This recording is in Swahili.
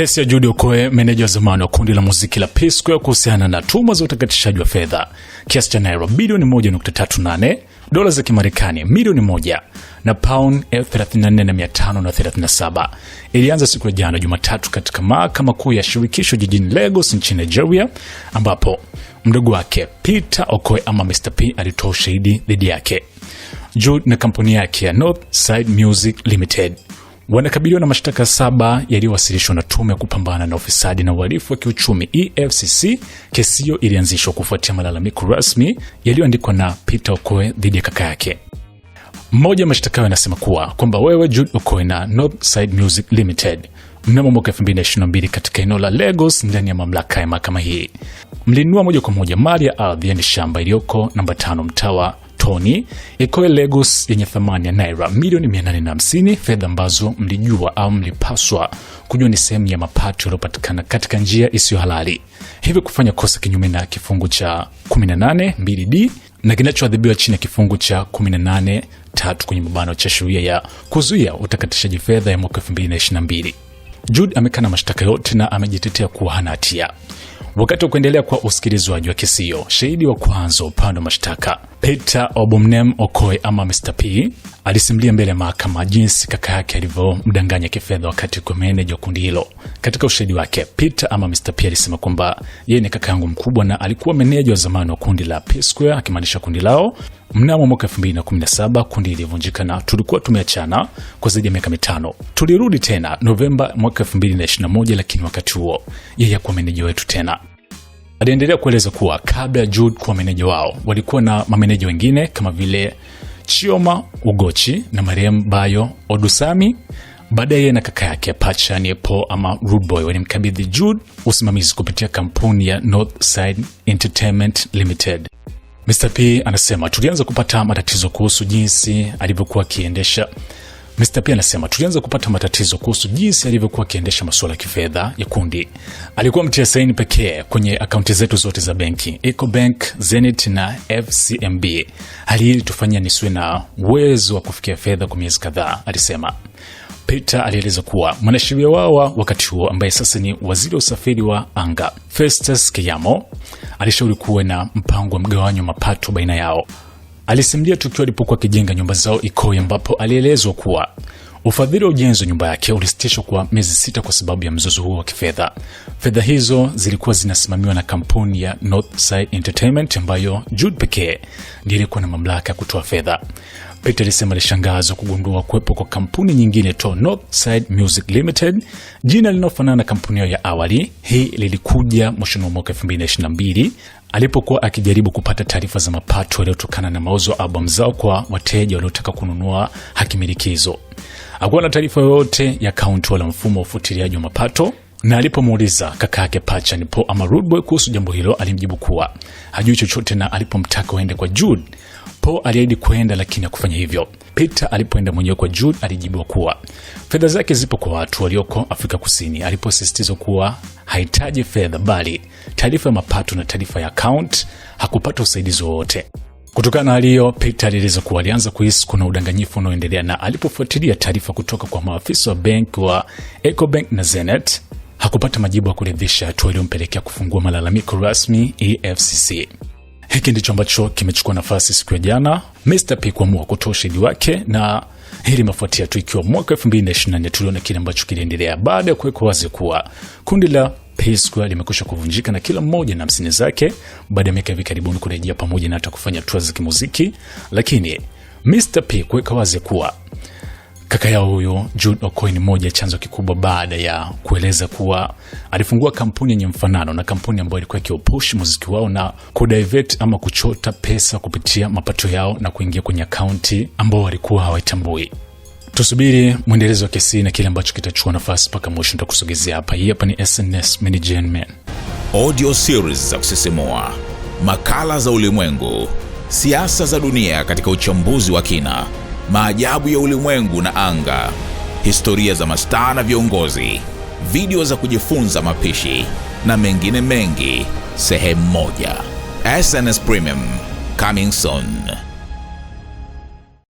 Kesi ya Jude Okoye, meneja wa zamani wa kundi la muziki la P Square kuhusiana na tuhuma za utakatishaji wa fedha kiasi cha naira bilioni 1.38, dola za Kimarekani milioni 1 na pound 34537 ilianza siku ya jana Jumatatu katika mahakama kuu ya shirikisho jijini Lagos nchini Nigeria, ambapo mdogo wake Peter Okoye ama Mr P alitoa ushahidi dhidi yake. Jude na kampuni yake ya North Music Limited wanakabiliwa na mashtaka saba yaliyowasilishwa na tume ya kupambana na ufisadi na uhalifu wa kiuchumi EFCC. Kesi hiyo ilianzishwa kufuatia malalamiko rasmi yaliyoandikwa na Peter Okoe dhidi ya kaka yake. Mmoja mashtaka hayo yanasema kuwa kwamba wewe Jude Okoe na Northside Music Limited mnamo mwaka 2022 katika eneo la Lagos ndani ya mamlaka ya mahakama hii mlinunua moja kwa moja mali ya ardhi, yani shamba iliyoko namba tano mtawa toni ikoe legos yenye thamani ya naira milioni 850, fedha ambazo mlijua au mlipaswa kujua ni sehemu ya mapato yaliyopatikana katika njia isiyo halali, hivyo kufanya kosa kinyume na kifungu cha 182 d na kinachoadhibiwa chini ya kifungu cha 18 tatu kwenye mabano cha sheria ya kuzuia utakatishaji fedha ya mwaka 2022. Jude amekana mashtaka yote na amejitetea kuwa hana hatia. Wakati wa kuendelea kwa usikilizwaji wa kisio, shahidi wa kwanza upande wa mashtaka Peter Obumnem okoe ama Mr. P alisimulia mbele ya mahakama jinsi kaka yake alivyomdanganya kifedha wakati kwa meneja kundi hilo. Katika ushahidi wake, Peter ama Mr. P alisema kwamba yeye ni kaka yangu mkubwa na alikuwa meneja wa zamani wa kundi la P Square, akimaanisha kundi lao. Mnamo mwaka 2017 kundi lilivunjika na tulikuwa tumeachana kwa zaidi ya miaka mitano. Tulirudi tena Novemba mwaka 2021, lakini wakati huo yeye hakuwa meneja wetu tena. Aliendelea kueleza kuwa kabla ya Jude kuwa meneja wao, walikuwa na mameneja wengine kama vile Chioma Ugochi na Mariam Bayo Odusami baadaye na kaka yake Pacha Niepo ama rudboy Boy walimkabidhi Jude usimamizi kupitia kampuni ya Northside Entertainment Limited. Mr P anasema tulianza kupata matatizo kuhusu jinsi alivyokuwa akiendesha Mr. P anasema tulianza kupata matatizo kuhusu jinsi alivyokuwa akiendesha masuala ya kifedha ya kundi. Alikuwa mtia saini pekee kwenye akaunti zetu zote za benki, Bank, Zenith na FCMB. Hali hii ilitufanya nisiwe na uwezo wa kufikia fedha kwa miezi kadhaa, alisema. Peter alieleza kuwa mwanasheria wao wa wakati huo ambaye sasa ni waziri wa usafiri wa anga Festus Keyamo alishauri kuwe na mpango wa mgawanyo wa mapato baina yao alisimulia tukio alipokuwa akijenga nyumba zao Ikoi ambapo alielezwa kuwa Ufadhili wa ujenzi wa nyumba yake ulisitishwa kwa miezi sita kwa sababu ya mzozo huo wa kifedha. Fedha hizo zilikuwa zinasimamiwa na kampuni ya Northside Entertainment ambayo Jude pekee ndiye alikuwa na mamlaka ya kutoa fedha. Peter alisema alishangazwa kugundua kuwepo kwa kampuni nyingine to Northside Music Limited, jina linalofanana na kampuni hiyo ya awali. Hii lilikuja mwishoni wa mwaka 2022 alipokuwa akijaribu kupata taarifa za mapato yaliyotokana na mauzo ya albamu zao kwa wateja waliotaka kununua hakimiliki hizo hakuwa na taarifa yoyote ya kaunti wala mfumo wa ufuatiliaji wa mapato na alipomuuliza kaka yake pacha nipo ama Rudboy kuhusu jambo hilo, alimjibu kuwa hajui chochote, na alipomtaka waende kwa Jude, Po aliahidi kwenda, lakini hakufanya hivyo. Peter alipoenda mwenyewe kwa Jude, alijibiwa kuwa fedha zake zipo kwa watu walioko Afrika Kusini, aliposisitizwa kuwa hahitaji fedha bali taarifa ya mapato na taarifa ya account. Hakupata usaidizi wowote. Kutokana na hali hiyo, Peter alieleza kuwa alianza kuhisi kuna udanganyifu unaoendelea, na alipofuatilia taarifa kutoka kwa maafisa wa benki wa Ecobank na Zenet hakupata majibu ya kuridhisha, hatua iliyompelekea kufungua malalamiko rasmi EFCC. Hiki ndicho ambacho kimechukua nafasi siku ya jana Mr P kuamua kutoa ushahidi wake, na hili mafuatia tu ikiwa mwaka 2024 tuliona kile ambacho kiliendelea baada ya kuwekwa wazi kuwa kundi la P Square limekwisha kuvunjika na kila mmoja na hamsini zake baada ya miaka hivi karibuni kurejea pamoja na hata kufanya tour za kimuziki, lakini Mr P kuweka wazi kuwa kaka yao huyo Jude Okoye ni moja chanzo kikubwa, baada ya kueleza kuwa alifungua kampuni yenye mfanano na kampuni ambayo ilikuwa ikiopush muziki wao na kudivert ama kuchota pesa kupitia mapato yao na kuingia kwenye akaunti ambao walikuwa hawaitambui tusubiri mwendelezo wa kesi na kile ambacho kitachukua nafasi mpaka mwisho nitakusogezea hapa hii hapa ni sns man audio series za kusisimua makala za ulimwengu siasa za dunia katika uchambuzi wa kina maajabu ya ulimwengu na anga historia za mastaa na viongozi video za kujifunza mapishi na mengine mengi sehemu moja sns premium coming soon